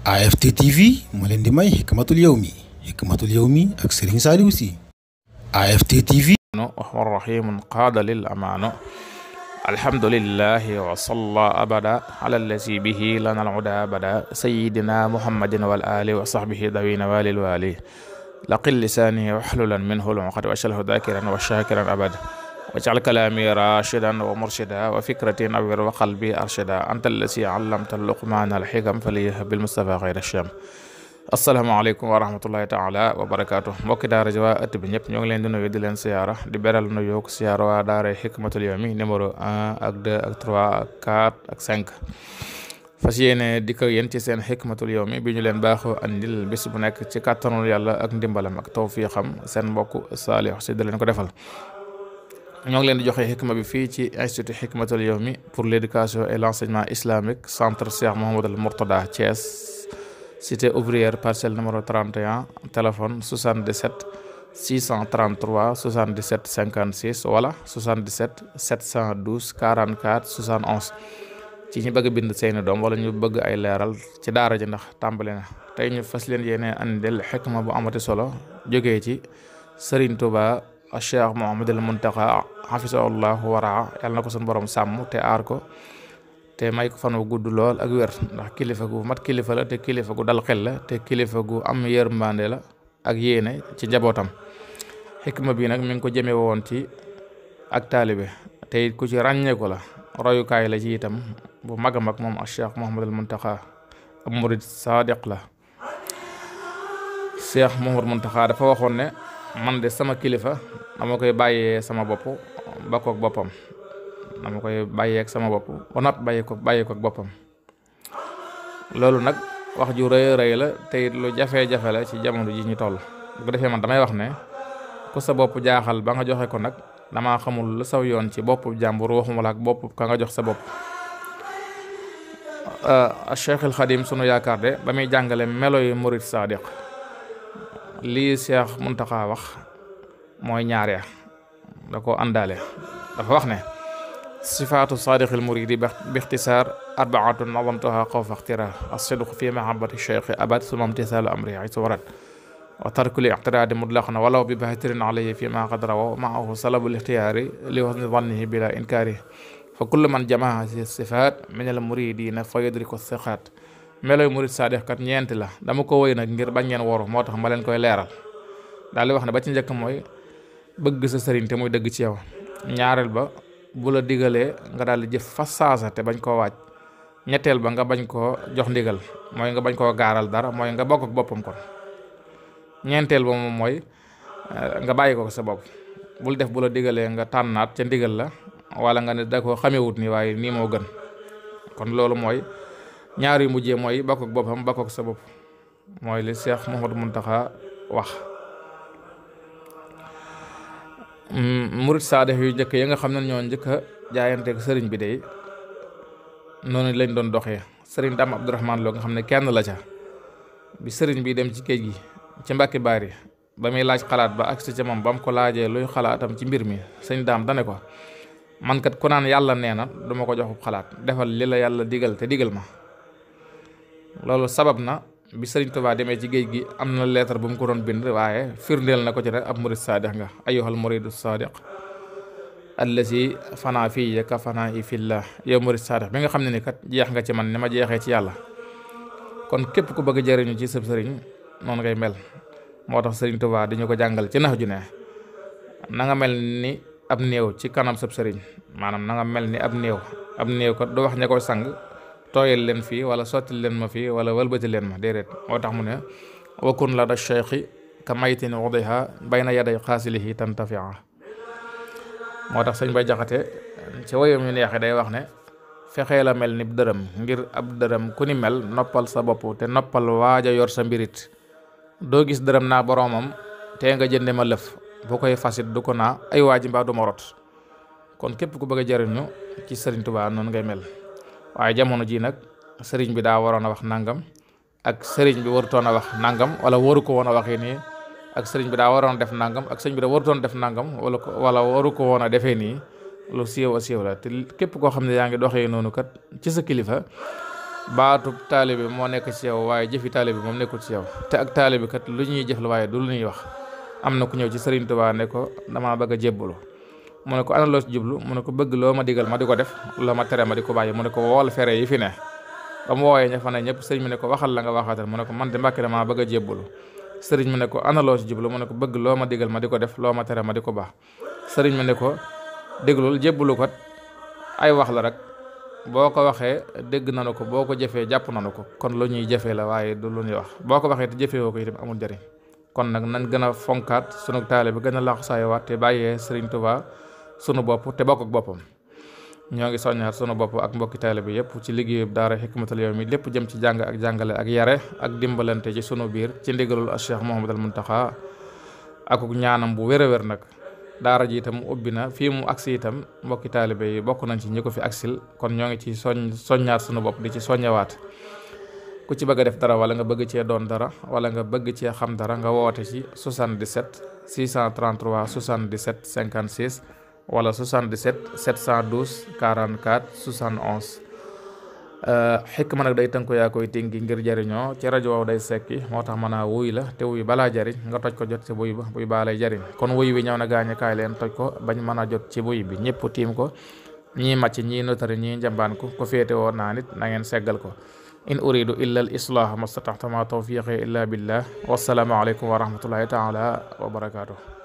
AFT TV moo leen di may Hikmatul Yawmi Hikmatul Yawmi ak Serigne Saliou Sy AFT TV rahmaan rahiim qaada lil amaano alhamdulillahi wa salla abada ala allazi bihi lana al-uda abada sayyidina muhammadin wal ali wa sahbihi dawina walil wali laqil lisani wa hlulan minhu al-uqad wa shalhu dhakiran wa shakiran abada wajal kalaami rashidan wa murshida wa fikrati nawwir wa qalbi arshida anta allamta luqmaana alxikam faliyah bil mustafa xayra sham asalaamaaleykum wa rahmatullahi taala wa barakaatu mbokki daara ji waa ëtt bi ñëpp ñoo ngi leen di nuyu di leen siyaara di beral nuyoo siyaara waa daara xikmatul yawmi numéro 1 ak 2 ak 3 ak 4 ak 5 fas yéene di ko yéen ci seen xikmatul yawmi bi ñu leen baaxoo andil bis bu nekk ci kàttanul yàlla ak ndimbalam ak tawfiixam seen mbokk saalix si leen ko defal ñoo ngi leen di joxe xikma bi fii ci institut Hikmatul Yawmi pour l'éducation et l'enseignement islamique centre Cheikh Mouhamadou Mourtada Thiès cité ouvrière parcelle numéro 31 téléphone 77 633 77 56 wala 77 712 44 71 ci ñu bëgg bind seeni doom wala ñu bëgg ay leeral ci daara ji ndax tàmbali na tey ñu fas leen yéene andil xikma bu amati solo jógee ci Serigne Touba. cheikh Muhammadul Muntaxa xafisahullahu waraa yàlla na ko suñu borom sàmm te aar ko te may ko fan gudd lool ak wér ndax kilifa gu mat kilifa la te kilifa gu dal xel la te kilifa gu am yërmande la ak yéene ci njabootam xikma bi nag mi ngi ko jëme woon ci ak taalibe te ku ci ràññeeku la royukaay la ci itam bu mag a mag moom ak cheikh Muhammadul Muntaxa ab murid sadiq la cheikh Muhammadul Muntaxa dafa waxoon ne man de sama kilifa dama koy bàyyee sama bopp ba kook boppam dama koy bàyyee ak sama bopp ba noppi bàyyi ko bàyyi boppam loolu nag wax ju rëy rëy la te lu jafe-jafe la ci jamono ji ñu toll bu defee man damay wax ne ku sa bopp jaaxal ba nga joxe ko nag dama xamul lu saw yoon ci bopp jàmbur waxuma la ak bopp ka nga jox sa bopp ah, Cheikh al Xadim sunu yaakaar de ba muy jàngale melo yu murid sadiq lii Cheikh Muntaxa wax mooy ñaaree da ko àndaale dafa wax ne sifaatu saadiqil muridi bixtisaar arbaatun nadamtuha xawfa ixtiraar as-sidqu fi mahabbati cheikhi abad suma imtisaalu amri haysu warat wa tarku li ictiraadi mutlaqan walaw bi baatirin alayhi fi ma qad rawa maahu salabul ixtiyaari li wasni dannihi bila inkaari fa kullu man jamaa si sifaat min al muridina fa yudriku siqaat meloy murid saadiq kat ñeenti la dama ko woy na ngir bañ ngeen woru moo tax ma leen koy leeral daal bëgg sa sëriñ te muy dëgg ci ñaareel ba bu la digalee nga daal di jëf fa saasa te bañ koo waaj ñetteel ba nga bañ koo jox ndigal mooy nga bañ koo gaaral dara mooy nga bokk boppam kon ñeenteel ba moom mooy eh, nga bàyyi ko sa bopp bul def bu la digalee nga tànnaat ca ndigal la wala nga ne da koo xamewut ni waaye nii moo gën kon loolu mooy ñaar yu mujjee mooy bokk ak boppam bokk sa bopp mooy li Cheikh Mouhamadou Mountakha wax Mm, murit saadix yu njëkk ya nga xam ne ñoo njëkk a sëriñ bi de noonu lañ doon doxee sëriñ Dame Abdourahmane loo nga xam ne kenn la ca bi sëriñ bi dem ci géej gi ci baar yi ba muy laaj xalaat ba agsi ca moom ba mu ko laajee luy xalaatam ci mbir mi sëñ Dame dane ko man kat ku naan yàlla nee na duma ko joxub xalaat defal li la yàlla digal te digal ma loolu sabab na bi sëriñ Tuubaa demee ci géej gi am na leetar bu mu ko doon bind waaye firndeel na ko ci ne ab murid saadiq nga ayyuhal muridu saadiq allazi fanaa fii ka fanaa i fillah yow murid saadiq bi nga xam ne ni kat jeex nga ci man ni ma jeexee ci yàlla kon képp ku bëgg jëriñu ci sëb sëriñ noonu ngay mel moo tax sëriñ Tuubaa dañu ko jàngal ci nax ju ne na nga mel ni ab néew ci kanam sëb sëriñ maanaam na nga mel ni ab néew ab néew ko du wax ña koy sang tooyal leen fii wala sottil leen ma fii wala walbati leen ma déedéet moo tax mu ne wakun la da cheikhi ka maytin wadiha bayna yaday xaasilihi tantafia moo tax sëñ ba Jaxate ci woyam yu day wax ne fexee la mel ni dërëm ngir ab dërëm ku noppal sa bopp te noppal waaja yor sa mbirit doo gis dërëm naa boroomam tee nga jënde ma lëf boo koy fasit du ko naa ay waaji mbaa du ma rot kon képp ku bëgg a jariñu ci Sëriñ tubaa noonu ngay mel waaye jamono ji nag sëriñ bi daa waroon a wax nangam ak sëriñ bi warutoon a wax nangam wala waru ko woon a waxee nii ak sëriñ bi daa waroon def nangam ak sëriñ bi daa warutoon def nangam wala wala waru ko woon a defee nii lu siiw a siiw la te képp koo xam ne yaa ngi doxee noonu kat ci sa kilifa baatub taalibe moo nekk ci yow waaye jëfi taalibe moom nekkul ci yow te ak taalibe kat lu ñuy jëf la waaye du lu ñuy wax am na ku ñëw ci sëriñ Tuubaa ne ko damaa bëgg a jébbalu mu ne ko ana loo ci jublu mu ne ko bëgg loo ma digal ma di ko def loo ma tere ma di ko bàyyi mu ne ko wool fere yi fi ne ba mu wooyee ña fa ne ñëpp sëriñ mi ne ko waxal la nga waxaatal mu ne ko man de mbàkke damaa bëgg a jébbalu sëriñ mi ne ko ana loo jublu mu ne ko bëgg loo ma digal ma di ko def loo ma tere ma di ko baax sëriñ ma ne ko déglul jébbalu ko ay wax la rek boo ko waxee dégg nanu ko boo ko jëfee jàpp nanu ko kon lu ñuy jëfee la waaye du lu ñuy boo ko waxee te jëfee ko itam amul jëriñ kon gën a fonkaat sunu taale bi gën a sunu bopp te bokk ak boppam ñoo ngi soññaat sunu bopp ak mbokki taalibe bi yëpp ci liggéeyub daara Hikmatul Yawmi lépp jëm ci jàng ak jàngale ak yare ak dimbalante ci sunu biir ci ndigalul Cheikh Mouhamadul Mountakha akuk ñaanam bu wér a wér nag daara ji itam ubbi na fii mu agsi itam mbokki taalibe yi bokk nañ ci ñi ko fi agsil kon ñoo ngi ci soñ soññaat sunu bopp di ci soññewaat ku ci bëgg a def dara wala nga bëgg cee doon dara wala nga bëgg cee xam dara nga woote ci 77 633 wala 77 712 44 71 xikma nag day tënku yaa koy tingi ngir jariñoo ci rajo day sekki moo tax mën a wuy la te wuy balaa jariñ nga toj ko jot ci buy ba buy baa jariñ kon wuy wi ñëw na gaañu kaay leen toj ko bañ mën a jot ci buy bi ñëpp tiim ko ñii màcc ñii notari ñii njambaan ko ko féete woon naa nit na ngeen seggal ko in uridu illa al islah mastataxtama tawfiqi illa billah wasalaamu aleykum wa rahmatullahi taala wa